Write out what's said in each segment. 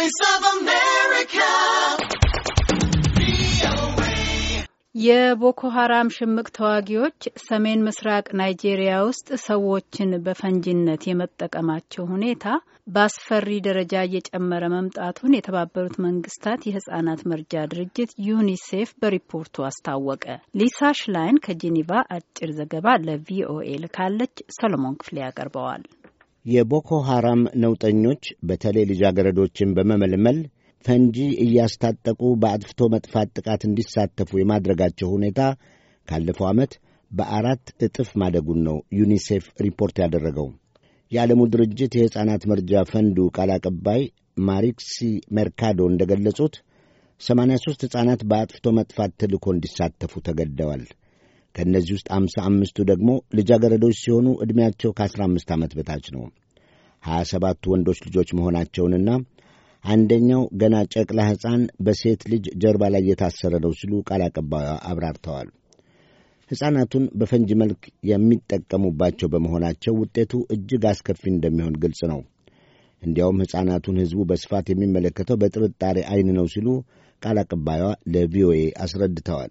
Voice of America. የቦኮ ሀራም ሽምቅ ተዋጊዎች ሰሜን ምስራቅ ናይጄሪያ ውስጥ ሰዎችን በፈንጂነት የመጠቀማቸው ሁኔታ በአስፈሪ ደረጃ እየጨመረ መምጣቱን የተባበሩት መንግስታት የህጻናት መርጃ ድርጅት ዩኒሴፍ በሪፖርቱ አስታወቀ። ሊሳ ሽላይን ከጄኔቫ አጭር ዘገባ ለቪኦኤ ልካለች። ሰሎሞን ክፍሌ ያቀርበዋል። የቦኮ ሐራም ነውጠኞች በተለይ ልጃገረዶችን በመመልመል ፈንጂ እያስታጠቁ በአጥፍቶ መጥፋት ጥቃት እንዲሳተፉ የማድረጋቸው ሁኔታ ካለፈው ዓመት በአራት እጥፍ ማደጉን ነው ዩኒሴፍ ሪፖርት ያደረገው። የዓለሙ ድርጅት የሕፃናት መርጃ ፈንዱ ቃል አቀባይ ማሪክሲ ሜርካዶ እንደ ገለጹት 83 ሕፃናት በአጥፍቶ መጥፋት ተልእኮ እንዲሳተፉ ተገደዋል። ከእነዚህ ውስጥ አምሳ አምስቱ ደግሞ ልጃገረዶች ሲሆኑ ዕድሜያቸው ከአስራ አምስት ዓመት በታች ነው። ሀያ ሰባቱ ወንዶች ልጆች መሆናቸውንና አንደኛው ገና ጨቅላ ሕፃን በሴት ልጅ ጀርባ ላይ የታሰረ ነው ሲሉ ቃል አቀባዩ አብራርተዋል። ሕፃናቱን በፈንጅ መልክ የሚጠቀሙባቸው በመሆናቸው ውጤቱ እጅግ አስከፊ እንደሚሆን ግልጽ ነው። እንዲያውም ሕፃናቱን ሕዝቡ በስፋት የሚመለከተው በጥርጣሬ ዐይን ነው ሲሉ ቃል አቀባዩዋ ለቪኦኤ አስረድተዋል።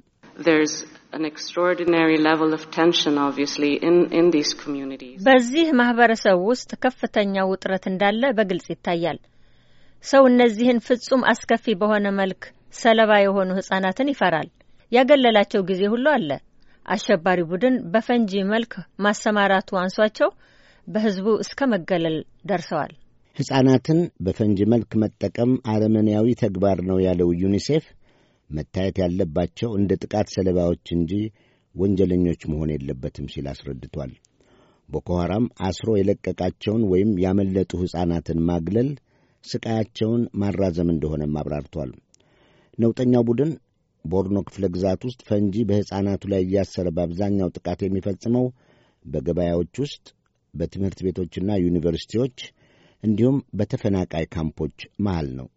በዚህ ማህበረሰብ ውስጥ ከፍተኛ ውጥረት እንዳለ በግልጽ ይታያል። ሰው እነዚህን ፍጹም አስከፊ በሆነ መልክ ሰለባ የሆኑ ህጻናትን ይፈራል። ያገለላቸው ጊዜ ሁሉ አለ። አሸባሪ ቡድን በፈንጂ መልክ ማሰማራቱ አንሷቸው በህዝቡ እስከ መገለል ደርሰዋል። ህጻናትን በፈንጂ መልክ መጠቀም አረመኔያዊ ተግባር ነው ያለው ዩኒሴፍ መታየት ያለባቸው እንደ ጥቃት ሰለባዎች እንጂ ወንጀለኞች መሆን የለበትም ሲል አስረድቷል። ቦኮ ሐራም አስሮ የለቀቃቸውን ወይም ያመለጡ ሕፃናትን ማግለል ስቃያቸውን ማራዘም እንደሆነም አብራርቷል። ነውጠኛው ቡድን ቦርኖ ክፍለ ግዛት ውስጥ ፈንጂ በሕፃናቱ ላይ እያሰረ በአብዛኛው ጥቃት የሚፈጽመው በገበያዎች ውስጥ፣ በትምህርት ቤቶችና ዩኒቨርሲቲዎች እንዲሁም በተፈናቃይ ካምፖች መሃል ነው።